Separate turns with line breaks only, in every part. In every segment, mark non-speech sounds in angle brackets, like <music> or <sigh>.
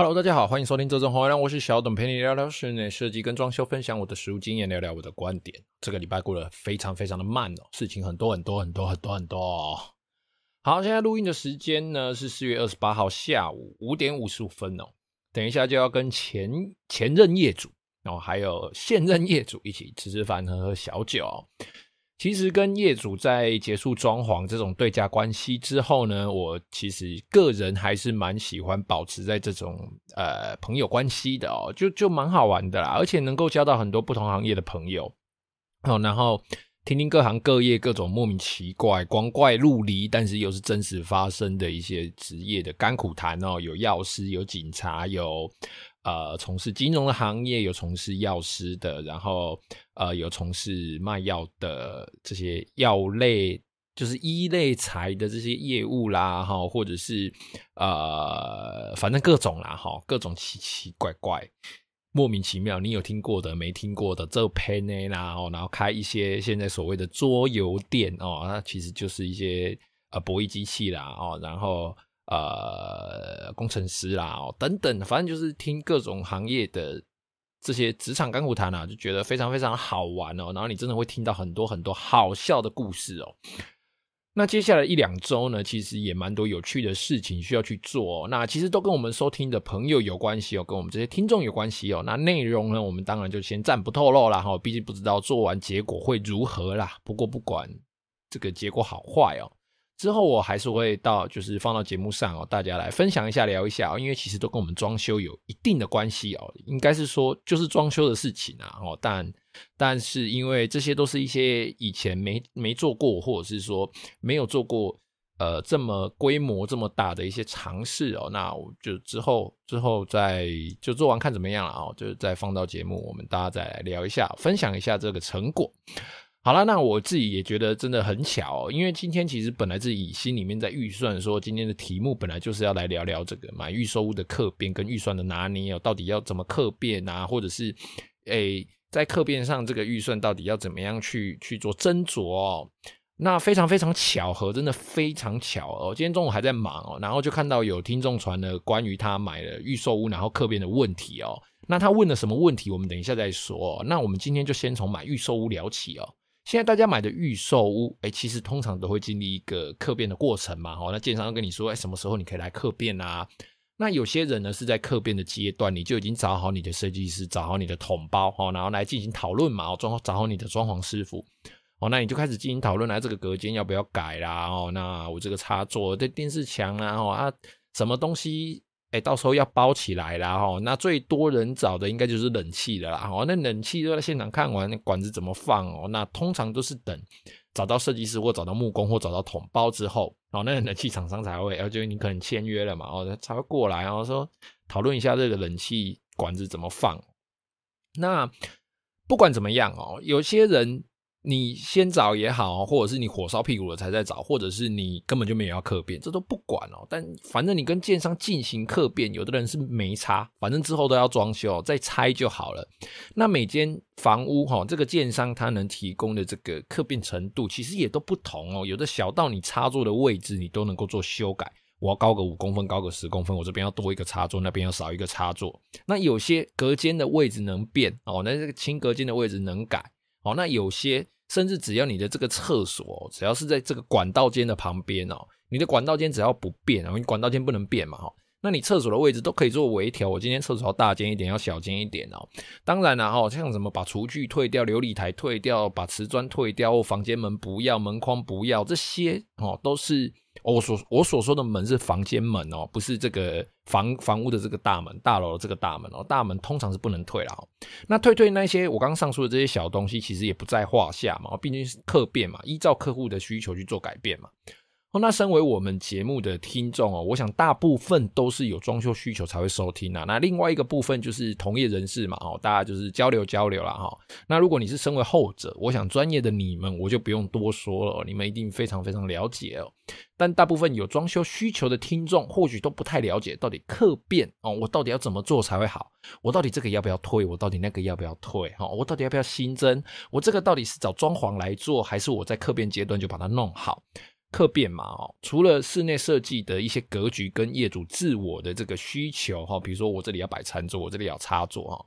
Hello，大家好，歡迎收聽《周正紅》，我是小董，陪你聊聊室內設計跟裝修，分享我的實務經驗，聊聊我的觀點。這個禮拜過得非常非常的慢哦，事情很多很多很多很多很多哦。好，現在錄音的時間呢是四月二十八號下午五點五十五分哦，等一下就要跟前前任業主，然後，哦，還有現任業主一起吃吃飯喝喝小酒哦。其實跟業主在結束裝潢這種對價關係之後呢，我其實個人還是蠻喜歡保持在這種呃朋友關係的哦，就就蠻好玩的啦，而且能夠交到很多不同行業的朋友好、哦、然後聽聽各行各業各種莫名奇怪、光怪陸離，但是又是真實發生的一些職業的甘苦談哦，有藥師，有警察，有。呃，從事金融的行業有從事藥師的，然後呃，有從事賣藥的這些藥類，就是醫類材的這些業務啦，哈、哦，或者是呃，反正各種啦，哈、哦，各種奇奇怪怪、莫名其妙，你有聽過的沒聽過的？做 PN a 啦、哦。然後開一些現在所謂的桌遊店哦，那其實就是一些、呃、博弈機器啦，哦，然後。呃，工程師啦、哦，等等，反正就是聽各種行業的這些職場甘苦談啊，就覺得非常非常好玩哦。然後你真的會聽到很多很多好笑的故事哦。那接下來一兩周呢，其實也蠻多有趣的事情需要去做哦。那其實都跟我們收聽的朋友有關係哦，跟我們這些聽眾有關係哦。那內容呢，我們當然就先暫不透露了哈，畢竟不知道做完結果會如何啦。不過不管這個結果好壞哦。之後我還是會到，就是放到節目上哦，大家來分享一下，聊一下哦，因為其實都跟我們裝修有一定的關係哦，應該是說就是裝修的事情啊，哦，但但是因為這些都是一些以前沒沒做過，或者是說沒有做過，呃，這麼規模這麼大的一些嘗試哦，那我就之後之後再就做完看怎麼樣了啊，哦，就是再放到節目，我們大家再來聊一下，分享一下這個成果。好了，那我自己也覺得真的很巧、哦，因為今天其實本來自己心裡面在預算，說今天的題目本來就是要來聊聊這個買預售屋的客變跟預算的拿捏哦，到底要怎麼客變啊，或者是誒、欸、在客變上這個預算到底要怎麼樣去去做斟酌哦。那非常非常巧合，真的非常巧哦。今天中午還在忙哦，然後就看到有聽眾傳了關於他買了預售屋然後客變的問題哦。那他問了什麼問題，我們等一下再說、哦。那我們今天就先從買預售屋聊起哦。現在大家買的預售屋、欸，其實通常都會經歷一個客變的過程嘛、哦，那建商要跟你說，欸、什麼時候你可以來客變啊？那有些人呢是在客變的階段，你就已經找好你的設計師，找好你的統包、哦，然後來進行討論嘛，裝、哦、找好你的裝潢師傅、哦，那你就開始進行討論，來這個隔間要不要改啦，哦，那我這個插座這電視牆啊，哦、啊，什麼東西？哎、欸，到時候要包起來啦哦，那最多人找的應該就是冷氣的啦，哦，那冷氣都在現場看完那管子怎麼放哦，那通常都是等找到設計師或找到木工或找到統包之後，然後那個、冷氣廠商才會，就你可能簽約了嘛，哦，才會過來，然後說討論一下這個冷氣管子怎麼放。那不管怎麼樣哦，有些人。你先找也好，或者是你火燒屁股了才在找，或者是你根本就沒有要客變，這都不管哦。但反正你跟建商進行客變，有的人是沒差，反正之後都要裝修再拆就好了。那每間房屋哈、哦，這個建商他能提供的這個客變程度其實也都不同哦。有的小到你插座的位置你都能夠做修改，我要高個五公分，高個十公分，我這邊要多一個插座，那邊要少一個插座。那有些隔間的位置能變哦，那這個輕隔間的位置能改。好，那有些甚至只要你的這個廁所，只要是在這個管道間的旁邊哦，你的管道間只要不變哦，你管道間不能變嘛，哈。那你廁所的位置都可以做微調，我今天廁所要大間一點，要小間一點喔。當然了，哈，像什麼把廚具退掉、流理台退掉、把瓷磚退掉、房間門不要、門框不要這些喔，都是我所我所說的門是房間門喔，不是這個房房屋的這個大門、大樓的這個大門喔。大門通常是不能退啦喔。那退退那些我剛剛上述的這些小東西，其實也不在話下嘛，畢竟是客變嘛，依照客戶的需求去做改變嘛。哦，那身為我們節目的聽眾哦，我想大部分都是有裝修需求才會收聽的，啊。那另外一個部分就是同業人士嘛，哦，大家就是交流交流啦，哈。那如果你是身為後者，我想專業的你們我就不用多說了，你們一定非常非常了解哦。但大部分有裝修需求的聽眾，或許都不太了解到底客變哦，我到底要怎麼做才會好？我到底這個要不要退，我到底那個要不要退，哈，哦，我到底要不要新增？我這個到底是找裝潢來做，還是我在客變階段就把它弄好？客變嘛哦，除了室內設計的一些格局跟業主自我的這個需求哈，比如說我這裡要擺餐桌，我這裡要插座哈，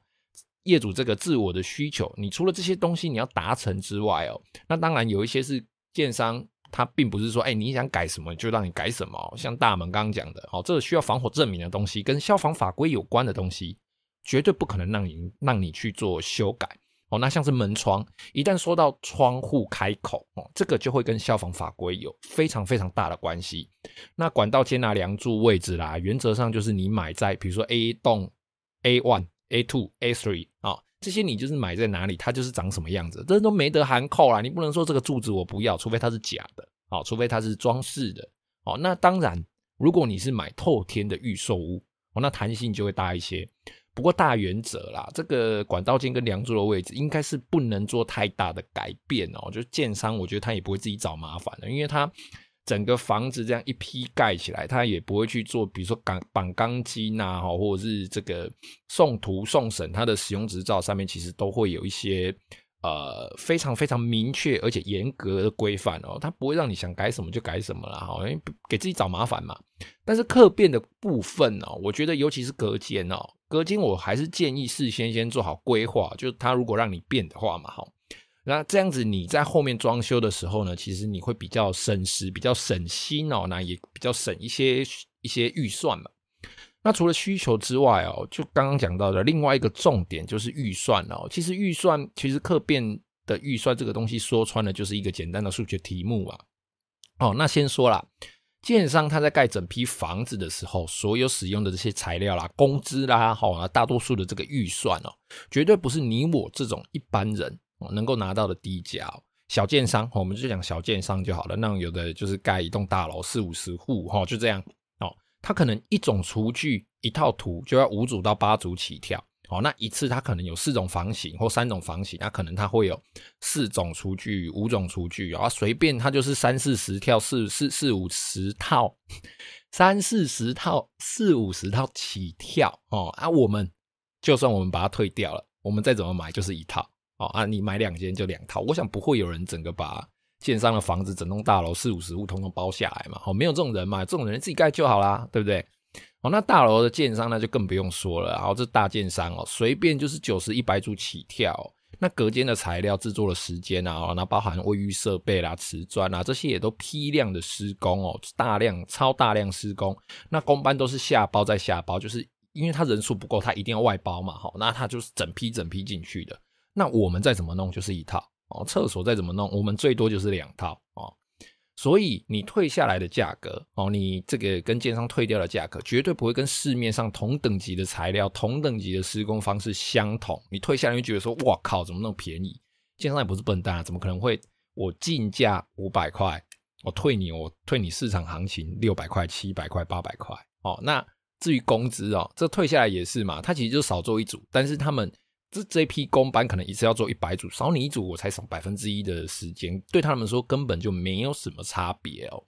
業主這個自我的需求，你除了這些東西你要達成之外哦，那當然有一些是建商他並不是說哎、欸、你想改什麼就讓你改什麼，像大門剛剛講的哦，這個需要防火證明的東西跟消防法規有關的東西，絕對不可能讓你讓你去做修改。哦，那像是門窗，一旦說到窗戶開口，哦，這個就會跟消防法規有非常非常大的關係。那管道間、梁柱位置啦，原則上就是你買在，比如說 A 棟 A one、A two、A three 啊，這些你就是買在哪裡，它就是長什麼樣子，這都沒得含扣啦，你不能說這個柱子我不要，除非它是假的，啊、哦，除非它是裝飾的，哦，那當然，如果你是買透天的預售屋，哦，那彈性就會大一些。不過大原則啦，這個管道間跟梁柱的位置應該是不能做太大的改變哦。就建商，我覺得他也不會自己找麻煩了，因為他整個房子這樣一批蓋起來，他也不會去做，比如說綁鋼筋啊，或者是這個送圖送審，它的使用執照上面其實都會有一些呃非常非常明確而且嚴格的規範哦，它不會讓你想改什麼就改什麼了，因為給自己找麻煩嘛。但是客變的部分哦，我覺得尤其是隔間哦。隔間，我還是建議事先先做好規劃，就是他如果讓你變的話嘛，哈，那這樣子你在後面裝修的時候呢，其實你會比較省時、比較省心哦，那也比較省一些一些預算嘛。那除了需求之外哦，就剛剛講到的另外一個重點就是預算哦。其實預算，其實客變的預算這個東西說穿了就是一個簡單的數學題目啊。哦，那先說啦。建商他在蓋整批房子的時候，所有使用的這些材料啦、工資啦、哈，大多數的這個預算哦、喔，絕對不是你我這種一般人能夠拿到的低價哦。小建商，我們就講小建商就好了。那有的就是蓋一棟大樓四五十戶哈，就這樣哦。他可能一種廚具一套圖就要五組到八組起跳。哦，那一次他可能有四種房型或三種房型，那、啊、可能他會有四種廚具、五種廚具啊，隨便他就是三四十跳四四四五十套，三四十套四五十套起跳哦、啊，我們就算我們把它退掉了，我們再怎麼買就是一套啊、哦、啊，你買兩間就兩套，我想不會有人整個把建商的房子整棟大樓四五十戶通通包下來嘛，哦，沒有這種人嘛，這種人自己蓋就好啦，對不對？哦，那大樓的建商那就更不用說了。然後這大建商哦，隨便就是九十一百組起跳，哦。那隔間的材料製作的時間啊，然、哦、後包含衛浴設備啦、啊、瓷磚啊這些也都批量的施工哦，大量、超大量施工。那工班都是下包再下包，就是因為他人數不夠，他一定要外包嘛，好、哦，那他就是整批整批進去的。那我們再怎麼弄就是一套哦，廁所再怎麼弄，我們最多就是兩套哦。所以你退下來的價格哦，你這個跟建商退掉的價格絕對不會跟市面上同等級的材料、同等級的施工方式相同。你退下來就覺得說，哇靠，怎麼那麼便宜？建商也不是笨蛋啊，怎麼可能會？我進價五百塊，我退你，我退你市場行情六百塊、七百塊、八百塊哦。那至於工資哦，這退下來也是嘛，他其實就少做一組，但是他們。這這批工班可能一次要做一百組，少你一組，我才少百分之一的時間，對他們說根本就沒有什麼差別哦。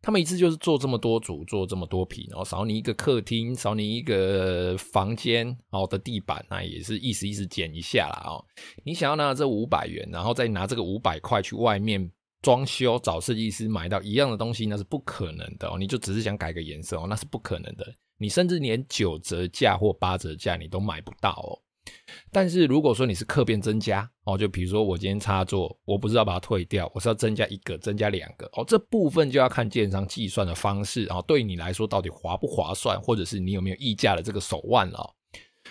他們一次就是做這麼多組，做這麼多坪，然後哦，少你一個客廳，少你一個房間，然後的地板那也是意思意思減一下啦。哦。你想要拿這五百元，然後再拿這個五百塊去外面裝修，找設計師買到一樣的東西，那是不可能的哦。你就只是想改個顏色哦，那是不可能的。你甚至連九折價或八折價你都買不到哦。但是如果說你是客變增加哦，就比如說我今天插座，我不是要把它退掉，我是要增加一個，增加兩個哦，這部分就要看建商計算的方式哦，對你來說到底划不划算，或者是你有沒有溢價的這個手腕了、哦？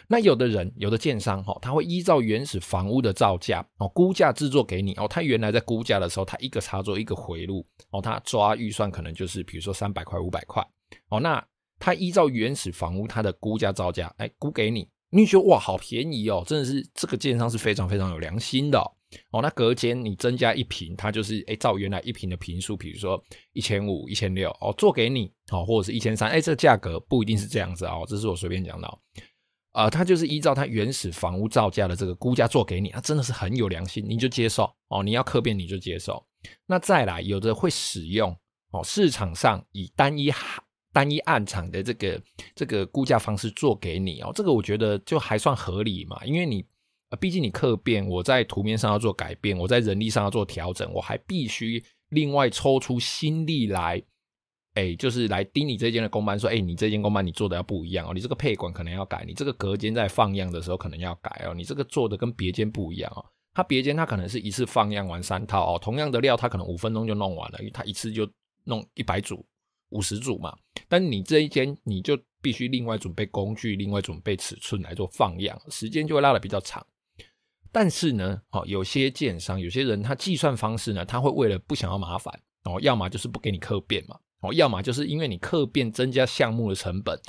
那有的人有的建商哈、哦，他會依照原始房屋的造價哦估價製作給你哦，他原來在估價的時候，他一個插座一個回路哦，他抓預算可能就是比如說三百塊五百塊哦，那他依照原始房屋他的估價造價，哎估給你。你覺得哇，好便宜哦，真的是這個建商是非常非常有良心的哦。哦那隔間你增加一平，它就是哎、欸，照原來一平的坪數，比如說一千五、一千六哦，做給你哦，或者是一千三，哎，這個價格不一定是這樣子哦。這是我隨便講的啊。他、呃、就是依照它原始房屋造價的這個估價做給你，那真的是很有良心，你就接受哦。你要客變你就接受。那再來，有的會使用哦，市場上以單一單一案場的這個這個估價方式做給你哦，這個我覺得就還算合理嘛，因為你畢竟你客變，我在圖面上要做改變，我在人力上要做調整，我還必須另外抽出心力來，哎，就是來盯你這間的工班說，哎，你這間工班你做的要不一樣哦，你這個配管可能要改，你這個隔間在放樣的時候可能要改哦，你這個做的跟別間不一樣哦，它別間它可能是一次放樣完三套哦，同樣的料它可能五分鐘就弄完了，他它一次就弄一百組。五十組嘛，但你這一間你就必須另外準備工具，另外準備尺寸來做放樣，時間就會拉得比較長。但是呢，哦，有些建商，有些人他計算方式呢，他會為了不想要麻煩哦，要麼就是不給你客變嘛，哦，要麼就是因為你客變增加項目的成本，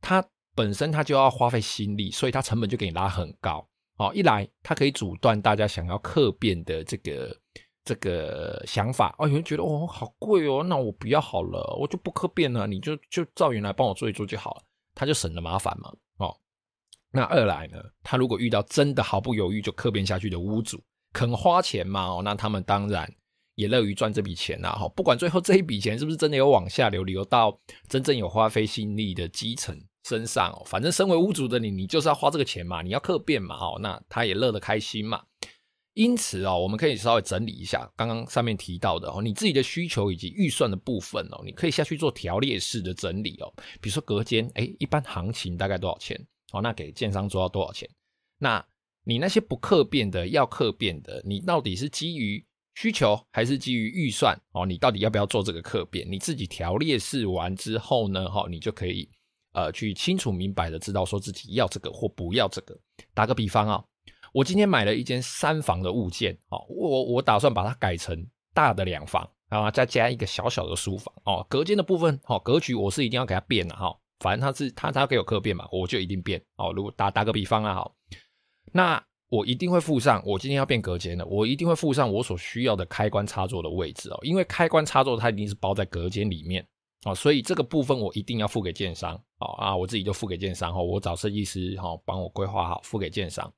他本身他就要花費心力，所以他成本就給你拉很高。哦，一來他可以阻斷大家想要客變的這個。這個想法哦，有人覺得哦，好貴哦，那我不要好了，我就不客變了，你就就照原來幫我做一做就好了，他就省了麻煩嘛。哦，那二來呢，他如果遇到真的毫不猶豫就客變下去的屋主，肯花錢嘛？哦，那他們當然也樂於賺這筆錢吶、啊哦。不管最後這一筆錢是不是真的有往下流，流到真正有花費心力的基層身上、哦，反正身為屋主的你，你就是要花這個錢嘛，你要客變嘛。哦，那他也樂得開心嘛。因此啊、哦，我們可以稍微整理一下剛剛上面提到的哦，你自己的需求以及預算的部分哦，你可以下去做條列式的整理哦。比如說隔間，哎、欸，一般行情大概多少錢？哦，那給建商做到多少錢？那你那些不客變的，要客變的，你到底是基於需求還是基於預算？哦，你到底要不要做這個客變？你自己條列式完之後呢，哈、哦，你就可以呃去清楚明白的知道說自己要這個或不要這個。打個比方啊、哦。我今天買了一間三房的物件，哦，我我打算把它改成大的兩房，再加一個小小的書房，哦，隔間的部分，哈，格局我是一定要給它變了，哈，反正它是它它可以有客變嘛，我就一定變，哦，如果打打個比方啊，那我一定會附上我今天要變隔間的，我一定會附上我所需要的開關插座的位置，哦，因為開關插座它一定是包在隔間裡面，所以這個部分我一定要付給建商，啊啊，我自己就付給建商，我找設計師，哈，幫我規劃好，付給建商。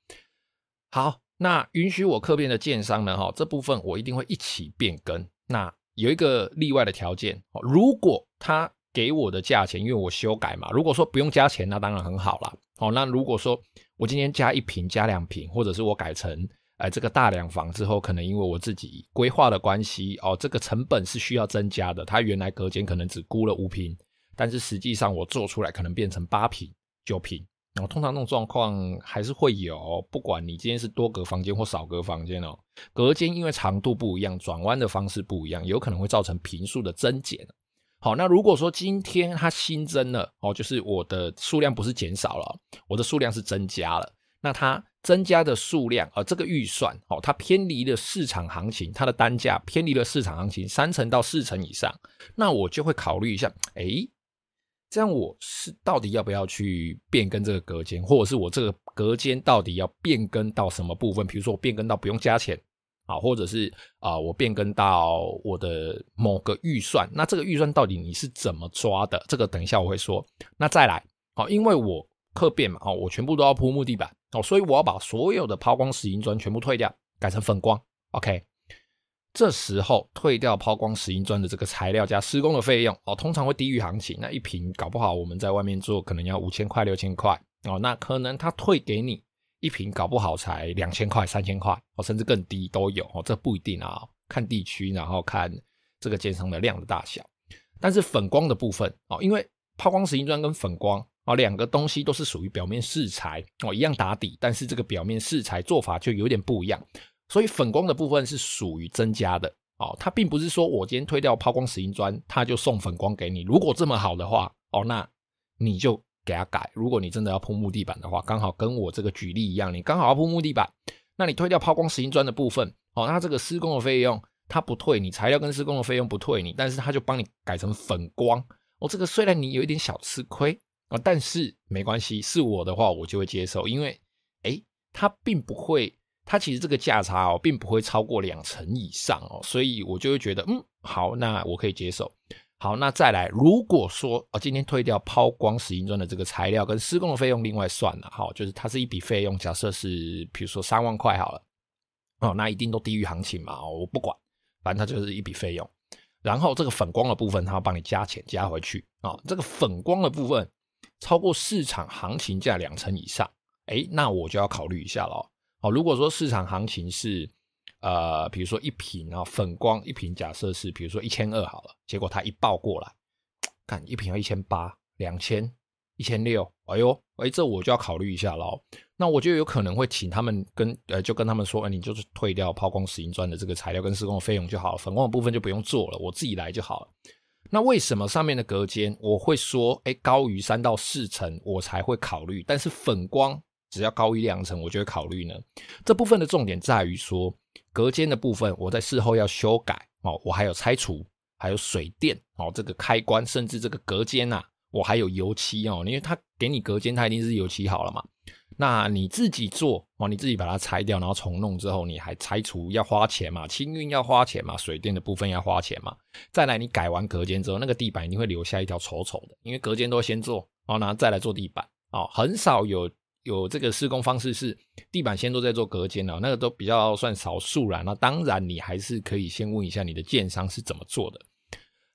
好，那允許我客變的建商呢，哈、哦，這部分我一定會一起變更。那有一個例外的條件哦，如果他給我的價錢，因為我修改嘛，如果說不用加錢，那當然很好了。好、哦，那如果說我今天加一坪、加兩坪，或者是我改成呃這個大兩房之後，可能因為我自己規劃的關係哦，這個成本是需要增加的。他原來隔間可能只估了五坪，但是實際上我做出來可能變成八坪、九坪。然、哦、後通常那種狀況還是會有、哦，不管你今天是多隔房間或少隔房間哦，隔間因為長度不一樣，轉彎的方式不一樣，有可能會造成平數的增減。好、哦，那如果說今天它新增了哦，就是我的數量不是減少了，我的數量是增加了，那它增加的數量啊、呃，這個預算哦，它偏離了市場行情，它的單價偏離了市場行情，三成到四成以上，那我就會考慮一下，誒、欸這樣我是到底要不要去變更這個隔間，或者是我這個隔間到底要變更到什麼部分？比如說我變更到不用加錢啊，或者是啊、呃、我變更到我的某個預算，那這個預算到底你是怎麼抓的？這個等一下我會說。那再來啊、哦，因為我客變嘛、哦、我全部都要鋪木地板哦，所以我要把所有的拋光石英磚全部退掉，改成粉光。OK。這時候退掉拋光石英磚的這個材料加施工的費用哦，通常會低於行情那一坪，搞不好我們在外面做可能要五千塊六千塊哦，那可能他退給你一坪搞不好才兩千塊三千塊哦，甚至更低都有哦，這不一定啊、哦，看地區，然後看這個建商的量的大小。但是粉光的部分哦，因為拋光石英磚跟粉光啊、哦、兩個東西都是屬於表面飾材哦，一樣打底，但是這個表面飾材做法就有點不一樣。所以粉光的部分是屬於增加的哦，它並不是說我今天推掉拋光石英磚，它就送粉光給你。如果這麼好的話哦，那你就給他改。如果你真的要鋪木地板的話，剛好跟我這個舉例一樣，你剛好要鋪木地板，那你推掉拋光石英磚的部分哦，那這個施工的費用它不退你，材料跟施工的費用不退你，但是他就幫你改成粉光。哦，這個雖然你有一點小吃虧啊、哦，但是沒關係，是我的話我就會接受，因為誒、欸，它並不會。它其實這個價差哦，並不會超過兩成以上哦，所以我就會覺得，嗯，好，那我可以接受。好，那再來，如果說我、哦、今天退掉拋光石英磚的這個材料跟施工的費用，另外算了，好、哦，就是它是一筆費用，假設是，譬如說三萬塊好了，哦，那一定都低於行情嘛、哦，我不管，反正它就是一筆費用。然後這個粉光的部分，它要幫你加錢加回去哦，這個粉光的部分超過市場行情價兩成以上，哎，那我就要考慮一下咯。好、哦，如果說市場行情是，呃，比如說一坪啊，粉光一坪，假設是比如說一千二好了，結果它一爆過來，幹一坪要一千八、兩千、一千六，哎呦，哎，這我就要考慮一下嘍、哦。那我就有可能會請他們跟呃，就跟他們說，哎、你就是退掉拋光石英磚的這個材料跟施工費用就好了，粉光的部分就不用做了，我自己來就好了。那為什麼上面的隔間我會說，哎，高於三到四成我才會考慮，但是粉光，只要高一兩層，我就會考慮呢。這部分的重點在於說，隔間的部分我在事後要修改哦，我還有拆除，還有水電哦，這個開關，甚至這個隔間吶，我還有油漆哦，因為它給你隔間，它一定是油漆好了嘛。那你自己做哦，你自己把它拆掉，然後重弄之後，你還拆除要花錢嘛，清運要花錢嘛，水電的部分要花錢嘛。再來你改完隔間之後，那個地板一定會留下一條醜醜的，因為隔間都先做喔，然後再來做地板哦，很少有。有這個施工方式是地板先都在做隔間，那個都比較算少數啦。那當然你還是可以先問一下你的建商是怎麼做的。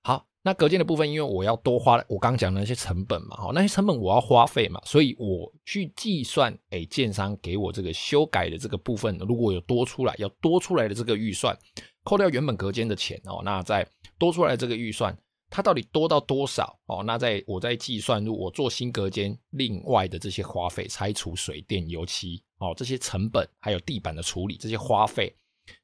好，那隔間的部分，因為我要多花，我剛講的那些成本嘛，那些成本我要花費嘛，所以我去計算，哎、欸，建商給我這個修改的這個部分，如果有多出來，要多出來的這個預算，扣掉原本隔間的錢哦，那再多出來這個預算。它到底多到多少？哦，那在我在計算，如果我做新隔間，另外的這些花費，拆除水電、油漆，哦，這些成本，還有地板的處理，這些花費，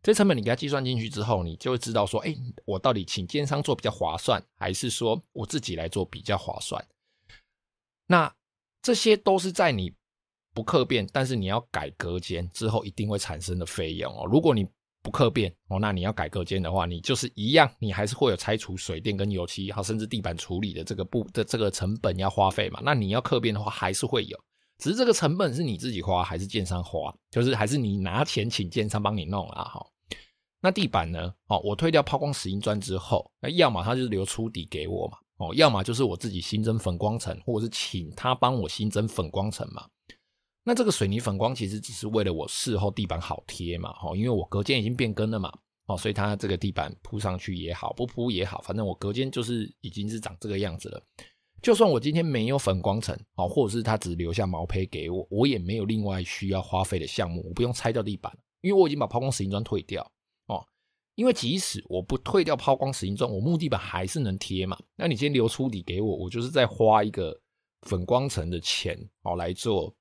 這些成本你給它計算進去之後，你就會知道說，哎、欸，我到底請奸商做比較划算，還是說我自己來做比較划算？那這些都是在你不客變，但是你要改隔間之後一定會產生的費用哦。如果你不客變哦，那你要改隔間的話，你就是一樣，你還是會有拆除水電跟油漆，甚至地板處理的這個部的這個成本要花費嘛？那你要客變的話，還是會有，只是這個成本是你自己花還是建商花，就是還是你拿錢請建商幫你弄啦，哈。那地板呢？哦，我退掉拋光石英磚之後，那要麼它就是留粗底給我嘛，哦，要麼就是我自己新增粉光層，或者是請他幫我新增粉光層嘛。那這個水泥粉光其實只是為了我事後地板好貼嘛，哦，因為我隔間已經變更了嘛，哦，所以它這個地板鋪上去也好，不鋪也好，反正我隔間就是已經是長這個樣子了。就算我今天沒有粉光層，哦，或者是它只留下毛坯給我，我也沒有另外需要花費的項目，我不用拆掉地板，因為我已經把拋光石英磚退掉，哦，因為即使我不退掉拋光石英磚，我木地板還是能貼嘛。那你今天留出底給我，我就是再花一個粉光層的錢，哦，來做。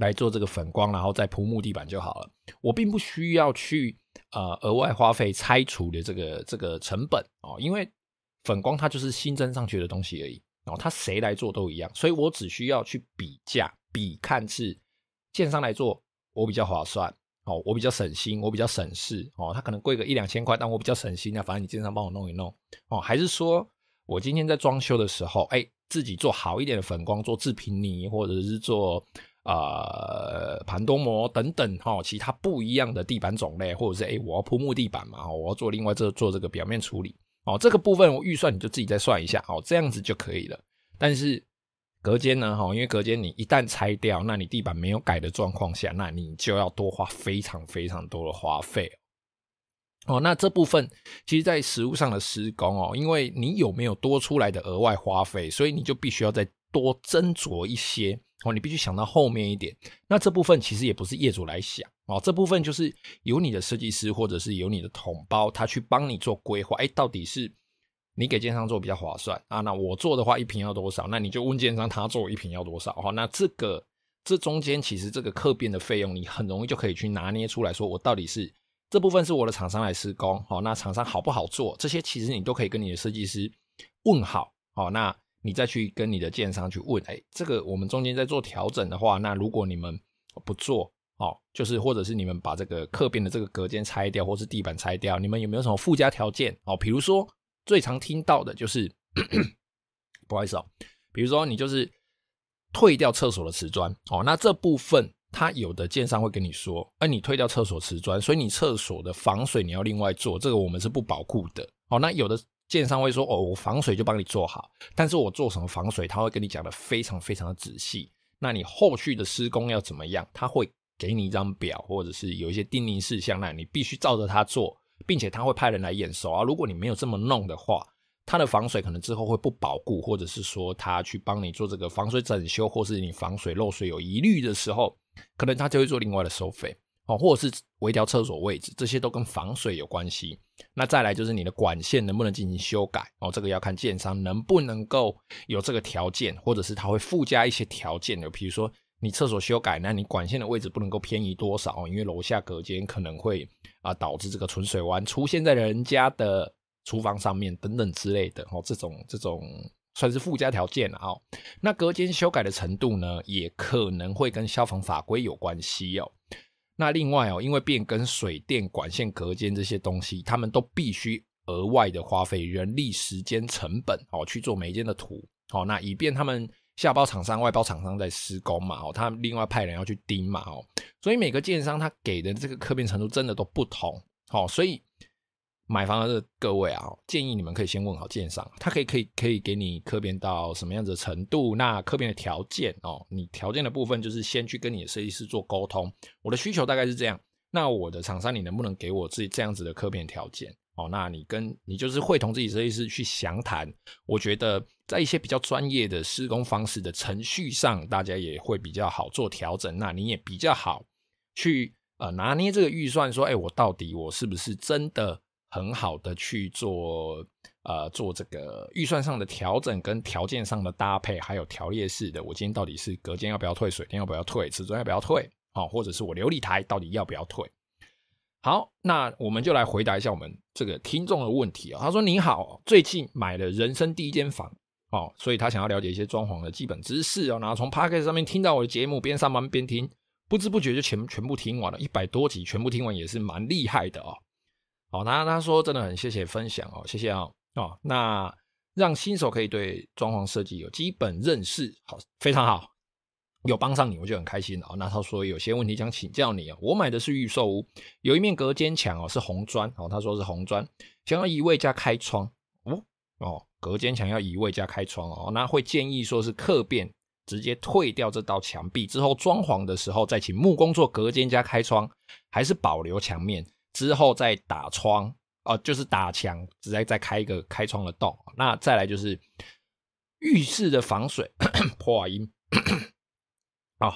來做這個粉光，然後再鋪木地板就好了。我並不需要去、呃、額外花費拆除的這個這個成本哦，因為粉光它就是新增上去的東西而已。然後哦、它誰來做都一樣，所以我只需要去比價，比看是建商來做我比較划算哦，我比較省心，我比較省事哦。它可能貴個一兩千塊，但我比較省心，反正你建商幫我弄一弄哦。還是說我今天在裝修的時候，哎，自己做好一點的粉光，做自平泥或者是做。呃，盤多磨等等哈，其他不一樣的地板種類，或者是誒、欸，我要鋪木地板嘛，我要做另外這個、做這個表面處理，哦，這個部分我預算你就自己再算一下，哦，這樣子就可以了。但是隔間呢，哈，因為隔間你一旦拆掉，那你地板沒有改的狀況下，那你就要多花非常非常多的花費。哦，那這部分其實，在實務上的施工哦，因為你有沒有多出來的額外花費，所以你就必須要再多斟酌一些。哦，你必須想到後面一點。那這部分其實也不是業主來想哦，這部分就是由你的設計師或者是由你的統包，他去幫你做規劃。哎、欸，到底是你給建商做比較划算啊？那我做的話，一坪要多少？那你就問建商，他做一坪要多少？哈、哦，那這個這中間其實這個客變的費用，你很容易就可以去拿捏出來，說我到底是這部分是我的廠商來施工。好、哦，那廠商好不好做？這些其實你都可以跟你的設計師問好。好、哦，那。你再去跟你的建商去問，哎、欸，這個我們中間在做調整的話，那如果你們不做哦，就是或者是你們把這個客變的這個隔間拆掉，或是地板拆掉，你們有沒有什麼附加條件哦？比如說最常聽到的就是，咳咳不好意思哦，比如說你就是退掉廁所的瓷磚哦，那這部分他有的建商會跟你說，哎，你退掉廁所瓷磚，所以你廁所的防水你要另外做，這個我們是不保固的。哦，那有的。建商會說哦，我防水就幫你做好，但是我做什麼防水，他會跟你講得非常非常的仔細。那你後續的施工要怎麼樣，他會給你一張表，或者是有一些定義事項，那你必須照着他做，並且他會派人來驗收啊。如果你沒有這麼弄的話，他的防水可能之後會不保固，或者是說他去幫你做這個防水整修，或者是你防水漏水有疑慮的時候，可能他就會做另外的收費。哦，或者是微調廁所位置，這些都跟防水有關係。那再來就是你的管線能不能進行修改哦，這個要看建商能不能夠有這個條件，或者是他會附加一些條件的，比如說你廁所修改，那你管線的位置不能夠偏移多少，因為樓下隔間可能會啊導致這個存水彎出現在人家的廚房上面等等之類的哦，這種這種算是附加條件哦。那隔間修改的程度呢，也可能會跟消防法規有關係哦。那另外哦，因為變更水電管線、隔間這些東西，他們都必須額外的花費人力時間成本哦，去做每一間的圖哦，那以便他們下包廠商、外包廠商在施工嘛哦，他們另外派人要去盯嘛哦，所以每個建商他給的這個客變程度真的都不同哦，所以。買房的各位啊，建議你們可以先問好建商，他可以可以可以給你客變到什麼樣子的程度？那客變的條件哦，你條件的部分就是先去跟你的設計師做溝通。我的需求大概是這樣，那我的廠商，你能不能給我自己這樣子的客變條件？哦，那你跟你就是會同自己設計師去詳談。我覺得在一些比較專業的施工方式的程序上，大家也會比較好做調整。那你也比較好去呃拿捏這個預算，說，哎、欸，我到底我是不是真的？很好的去做呃做這個預算上的調整跟條件上的搭配，還有條列式的，我今天到底是隔間要不要退？水電要不要退？瓷磚要不要退啊、哦，或者是我流理台到底要不要退？好，那我們就來回答一下我們這個聽眾的問題啊、哦。他說：“你好，最近買了人生第一間房哦，所以他想要了解一些裝潢的基本知識哦。然後從 Podcast 上面聽到我的節目，邊上班邊聽，不知不覺就全全部聽完了一百多集，全部聽完也是蠻厲害的哦。”好、哦，那他，他說真的很謝謝分享哦，謝謝啊、哦，哦，那讓新手可以對裝潢設計有基本認識，好，非常好，有幫上你，我就很開心。哦，那他說有些問題想請教你啊、哦，我買的是預售屋，有一面隔間牆哦，是紅磚，哦，他說是紅磚，想要移位加開窗，哦，哦，隔間牆要移位加開窗哦，那會建議說是客變直接退掉這道牆壁之後，裝潢的時候再請木工做隔間加開窗，還是保留牆面？之後再打窗、呃、就是打牆，直接再開一個開窗的洞。那再來就是浴室的防水 <coughs> 破音啊，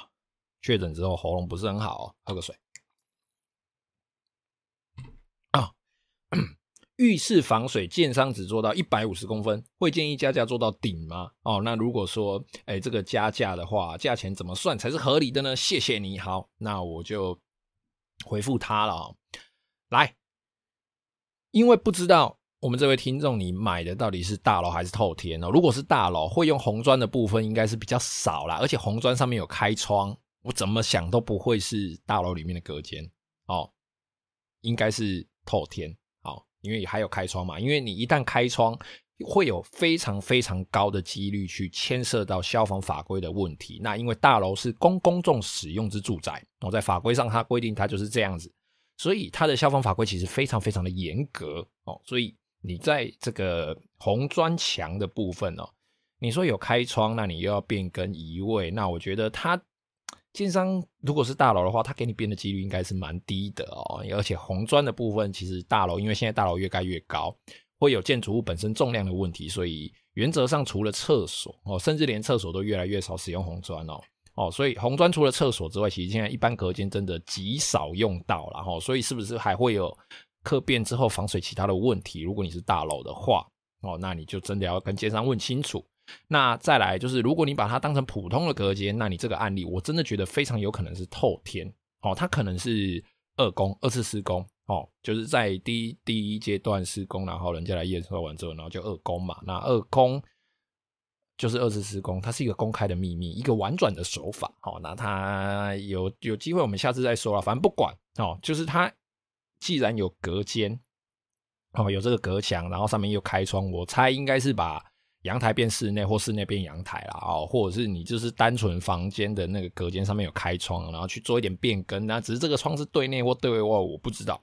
確診、 <coughs> 哦、之後喉嚨不是很好、哦，喝個水啊、哦。 <coughs> 浴室防水建商只做到一百五十公分，會建議加價做到頂嗎？哦，那如果說哎、欸、這個加價的話，價錢怎麼算才是合理的呢？謝謝你。好，那我就回覆他了、哦。來，因為不知道我們這位聽眾你買的到底是大樓還是透天哦。如果是大樓，會用紅磚的部分應該是比較少啦，而且紅磚上面有開窗，我怎麼想都不會是大樓裡面的隔間哦，應該是透天哦，因為還有開窗嘛。因為你一旦開窗，會有非常非常高的幾率去牽涉到消防法規的問題。那因為大樓是公公眾使用之住宅，我、哦、在法規上它規定它就是這樣子。所以它的消防法規其實非常非常的嚴格哦，所以你在這個紅磚牆的部分哦，你說有開窗，那你又要變更移位，那我覺得它建商如果是大樓的話，他給你變的幾率應該是蠻低的哦。而且紅磚的部分，其實大樓因為現在大樓越蓋越高，會有建築物本身重量的問題，所以原則上除了廁所哦，甚至連廁所都越來越少使用紅磚哦。哦，所以紅磚除了廁所之外，其實現在一般隔間真的極少用到了。吼、哦，所以是不是還會有客變之後防水其他的問題？如果你是大樓的話，哦，那你就真的要跟建商問清楚。那再來就是，如果你把它當成普通的隔間，那你這個案例我真的覺得非常有可能是透天。哦，它可能是二工二次施工，哦，就是在第一第一階段施工，然後人家來驗收完之後，然後就二工嘛。那二工。就是二次施工，它是一個公開的秘密，一個婉轉的手法。好、哦，那它有有機會，我們下次再說了。反正不管哦，就是它既然有隔間哦，有這個隔牆，然後上面又開窗，我猜應該是把陽台變室內，或室內變陽台了、哦、或者是你就是單純房間的那個隔間上面有開窗，然後去做一點變更。那、啊、只是這個窗是對內或對外，我不知道。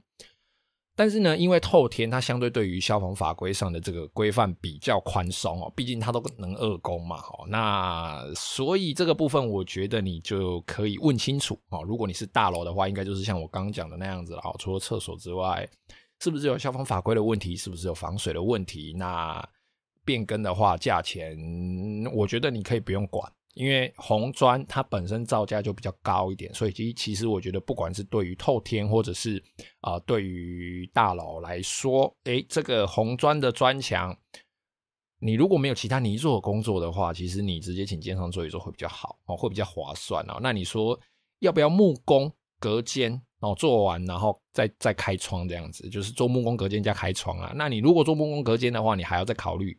但是呢，因為透天它相對對於消防法規上的這個規範比較寬鬆哦，畢竟它都能二工嘛、喔，那所以這個部分我覺得你就可以問清楚哦、喔。如果你是大樓的話，應該就是像我剛剛講的那樣子了哦。除了廁所之外，是不是有消防法規的問題？是不是有防水的問題？那變更的話，價錢我覺得你可以不用管。因為紅磚它本身造價就比較高一點，所以其其實我覺得不管是對於透天或者是啊、呃、對於大樓來說，誒，這個紅磚的磚牆，你如果沒有其他泥作工作的話，其實你直接請建商做一做會比較好哦，會比較划算哦。那你說要不要木工隔間？然後做完，然後再再開窗這樣子，就是做木工隔間加開窗啊？那你如果做木工隔間的話，你還要再考慮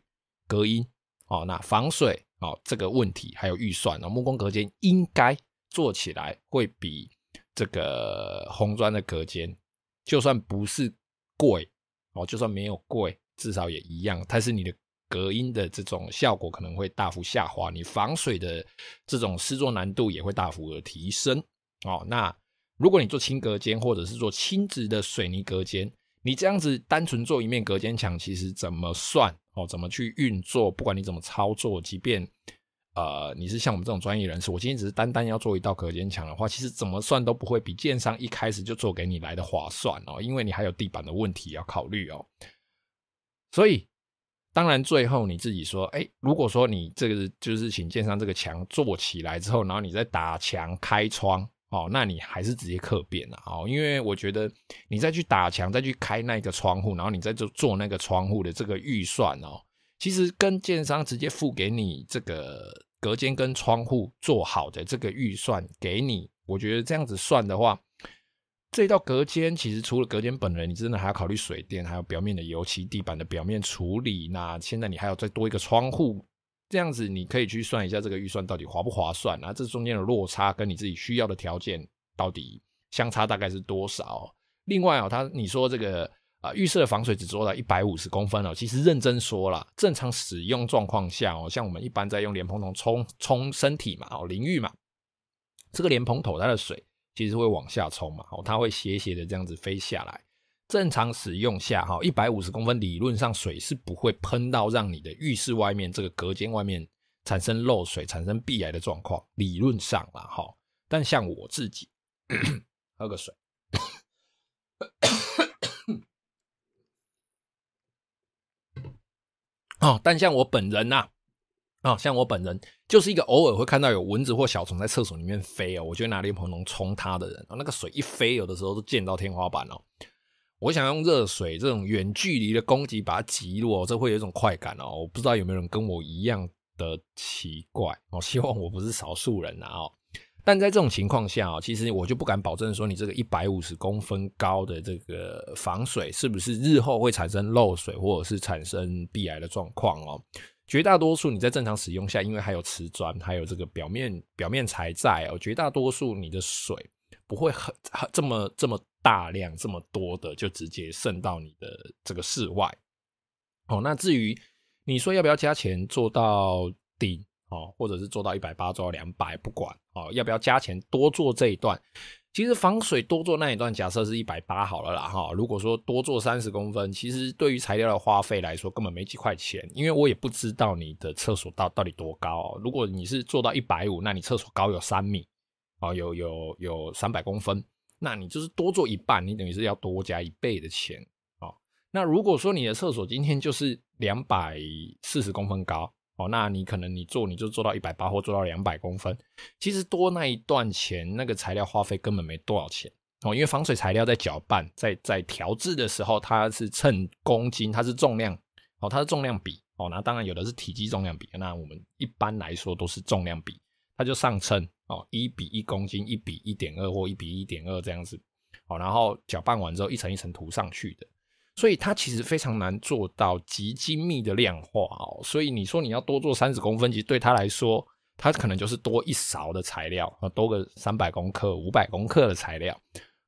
隔音哦，那防水。哦，這個問題還有預算哦。木工隔間應該做起來會比這個紅磚的隔間，就算不是貴哦，就算沒有貴，至少也一樣。但是你的隔音的這種效果可能會大幅下滑，你防水的這種施作難度也會大幅的提升哦。那如果你做輕隔間或者是做輕質的水泥隔間，你這樣子單純做一面隔間牆，其實怎麼算？哦，怎麼去運作？不管你怎麼操作，即便呃你是像我們這種專業人士，我今天只是單單要做一道隔間牆的話，其實怎麼算都不會比建商一開始就做給你來的划算哦，因為你還有地板的問題要考慮哦。所以，當然最後你自己說，哎、欸，如果說你這個就是請建商這個牆做起來之後，然後你再打牆開窗。哦，那你還是直接客變啊！哦，因為我覺得你再去打牆，再去開那個窗戶，然後你再做做那個窗戶的這個預算哦，其實跟建商直接付給你這個隔間跟窗戶做好的這個預算給你，我覺得這樣子算的話，這一道隔間其實除了隔間本人，你真的還要考慮水電，還有表面的油漆、地板的表面處理。那現在你還要再多一個窗戶。這樣子，你可以去算一下這個預算到底划不划算啊？這中間的落差跟你自己需要的條件到底相差大概是多少？另外啊、哦，他你說這個啊，預設的防水只做到一百五十公分哦，其實認真說啦，正常使用狀況下哦，像我們一般在用蓮蓬頭沖沖身體嘛，哦，淋浴嘛，這個蓮蓬頭它的水其實會往下沖嘛，哦，它會斜斜的這樣子飛下來。正常使用下，哈，一百五十公分理論上水是不會噴到讓你的浴室外面這個隔間外面產生漏水，產生壁癌的狀況。理論上啦，哈。但像我自己，呵呵喝個水。啊、哦，但像我本人吶，啊，啊、哦，像我本人就是一個偶爾會看到有蚊子或小蟲在廁所裡面飛哦，我就拿一盆龍沖它的人。啊、哦，那個水一飛，有的時候就濺到天花板哦。我想用熱水這種遠距離的攻擊把它擊落，這會有一種快感哦、喔。我不知道有沒有人跟我一樣的奇怪。我希望我不是少數人啊、喔。但在這種情況下、喔、其實我就不敢保證說你這個一百五十公分高的這個防水是不是日後會產生漏水或者是產生壁癌的狀況哦。絕大多數你在正常使用下，因為還有瓷磚，還有這個表面表面材在哦、喔，絕大多數你的水不會很這麼這麼，這麼大量這麼多的就直接滲到你的這個室外，哦，那至於你說要不要加錢做到頂哦，或者是做到一百八，做到兩百，不管哦，要不要加錢多做這一段？其實防水多做那一段，假設是一百八好了啦哈，哦。如果說多做三十公分，其實對於材料的花費來說根本沒幾塊錢，因為我也不知道你的廁所到到底多高，哦。如果你是做到一百五，那你廁所高有三米哦，有有有三百公分。那你就是多做一半，你等於是要多加一倍的錢哦，那如果說你的廁所今天就是兩百四十公分高哦，那你可能你做你就做到一百八或做到兩百公分，其實多那一段錢那個材料花費根本沒多少錢哦，因為防水材料在攪拌在在調制的時候它是稱公斤，它是重量哦，它的重量比哦，那當然有的是體積重量比，那我們一般來說都是重量比。它就上秤哦，一比一公斤，一比一點二或一比一點二這樣子，好，然後攪拌完之後一層一層塗上去的，所以它其實非常難做到極精密的量化哦。所以你說你要多做三十公分，其實對他來說，他可能就是多一勺的材料，多個三百公克、五百公克的材料，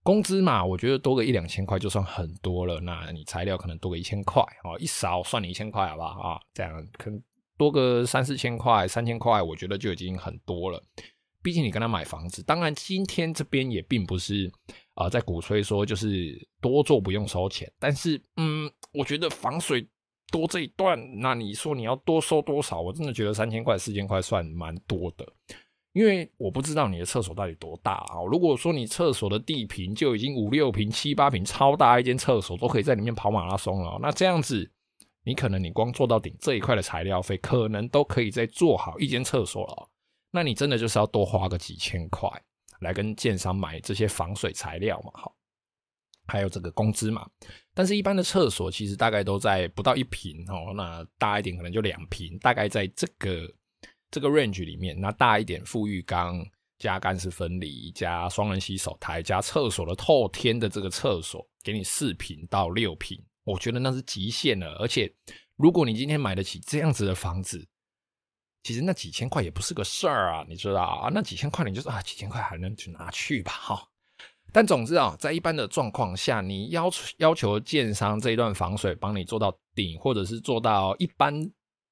工資嘛，我覺得多個一兩千塊就算很多了。那你材料可能多個一千塊哦，一勺算你一千塊，好不好？這樣可。多個三四千塊，三千塊，我覺得就已經很多了。畢竟你跟他買房子，當然今天這邊也並不是啊、呃，在鼓吹說就是多做不用收錢。但是，嗯，我覺得防水多這一段，那你說你要多收多少？我真的覺得三千塊、四千塊算蠻多的。因為我不知道你的廁所到底多大啊、哦。如果說你廁所的地坪就已經五六坪、七八坪，超大一間廁所都可以在裡面跑馬拉松了、哦，那這樣子。你可能你光做到頂這一塊的材料費，可能都可以再做好一間廁所了、喔。那你真的就是要多花個幾千塊來跟建商買這些防水材料嘛？好，還有這個工資嘛？但是，一般的廁所其實大概都在不到一坪哦、喔。那大一點可能就兩坪，大概在這個這個 range 裡面，那大一點，附浴缸、加乾濕分離、加雙人洗手台、加廁所的透天的這個廁所，給你四坪到六坪。我覺得那是極限了，而且如果你今天買得起這樣子的房子，其實那幾千塊也不是個事兒啊，你知道啊？那幾千塊你就是啊，幾千塊還能去拿去吧，哈、哦。但總之啊、哦，在一般的狀況下，你要求要求建商這一段防水幫你做到頂，或者是做到一般，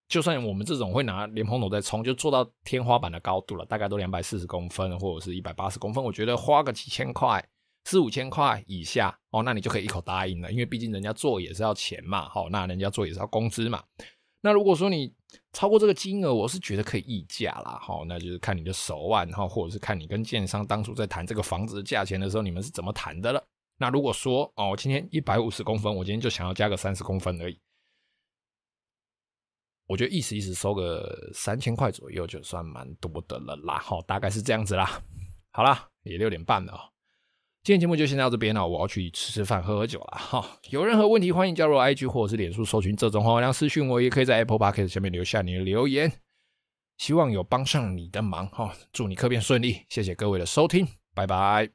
就算我們這種會拿蓮蓬頭在沖，就做到天花板的高度了，大概都兩百四十公分或者是一百八十公分，我覺得花個幾千塊。四五千塊以下哦，那你就可以一口答應了，因為畢竟人家做也是要錢嘛，好，那人家做也是要工資嘛。那如果說你超過這個金額，我是覺得可以議價啦，好，那就是看你的手腕，或者是看你跟建商當初在談這個房子的價錢的時候，你們是怎麼談的了。那如果說哦，我今天一百五十公分，我今天就想要加個三十公分而已，我覺得意思意思收個三千塊左右就算蠻多的了啦，好，大概是這樣子啦。好啦，也六點半了。今天節目就先到這邊了，我要去吃吃飯、喝喝酒了哈。有任何問題，歡迎加入 IG 或者是臉書搜尋這種話，然後私訊我，也可以在 Apple Podcast 下面留下你的留言，希望有幫上你的忙哈。祝你客變順利，謝謝各位的收聽，拜拜。